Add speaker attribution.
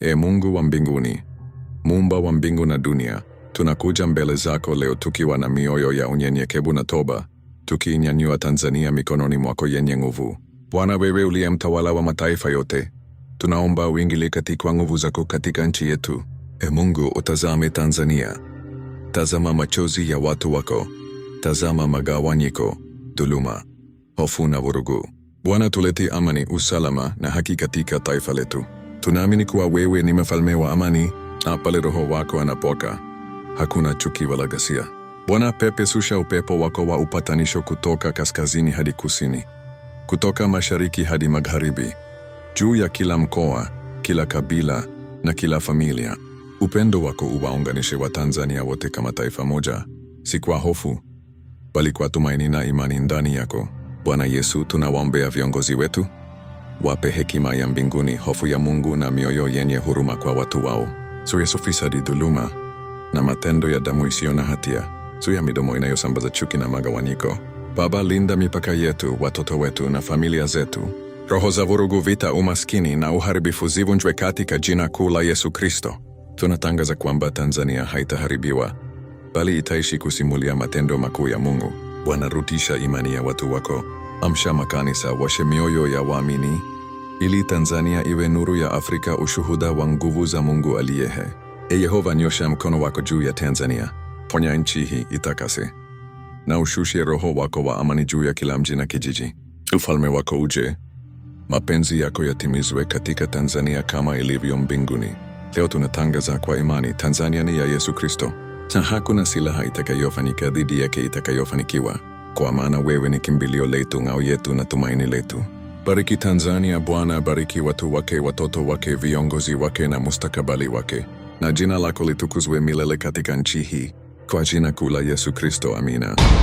Speaker 1: E Mungu wa mbinguni, muumba wa mbingu na dunia, tunakuja mbele zako leo tukiwa na mioyo ya unyenyekevu na toba, tukiinyanyua Tanzania mikononi mwako yenye nguvu. Bwana, wewe uliye mtawala wa mataifa yote, tunaomba uingilie katika nguvu zako katika nchi yetu. E Mungu, utazame Tanzania, tazama machozi ya watu wako, tazama magawanyiko, dhuluma, hofu na vurugu. Bwana, tuleti amani, usalama na haki katika taifa letu. Tunaamini kuwa wewe ni mfalme wa amani, na pale Roho wako anapoka hakuna chuki wala ghasia. Bwana, pepesusha upepo wako wa upatanisho kutoka kaskazini hadi kusini, kutoka mashariki hadi magharibi, juu ya kila mkoa, kila kabila na kila familia. Upendo wako uwaunganishe Watanzania wote kama taifa moja, si kwa hofu, bali kwa tumaini na imani ndani yako. Bwana Yesu, tunawaombea viongozi wetu wape hekima ya mbinguni, hofu ya Mungu na mioyo yenye huruma kwa watu wao. Zuia ufisadi, dhuluma na matendo ya damu isiyo na hatia. Zuia midomo inayosambaza chuki na magawanyiko. Baba, linda mipaka yetu, watoto wetu na familia zetu. Roho za vurugu, vita, umaskini na uharibifu zivunjwe katika jina kuu la Yesu Kristo. Tunatangaza kwamba Tanzania haitaharibiwa bali itaishi kusimulia matendo makuu ya Mungu. wanarutisha imani ya watu wako. Amsha makanisa washe mioyo ya waamini ili Tanzania iwe nuru ya Afrika, ushuhuda wa nguvu za Mungu aliyehe. E Yehova, nyosha mkono wako juu ya Tanzania, ponya nchi hii itakase, na ushushe roho wako wa amani juu ya kila mji na kijiji. Ufalme wako uje, mapenzi yako yatimizwe katika Tanzania kama ilivyo mbinguni. Leo tunatangaza kwa imani, Tanzania ni ya Yesu Kristo, na hakuna silaha itakayofanyika dhidi yake itakayofanikiwa. Kwa maana wewe ni kimbilio letu, ngao yetu na tumaini letu. Bariki Tanzania Bwana, bariki watu wake, watoto wake, viongozi wake na mustakabali wake, na jina lako litukuzwe milele katika nchi hii, kwa jina kuu la Yesu Kristo. Amina.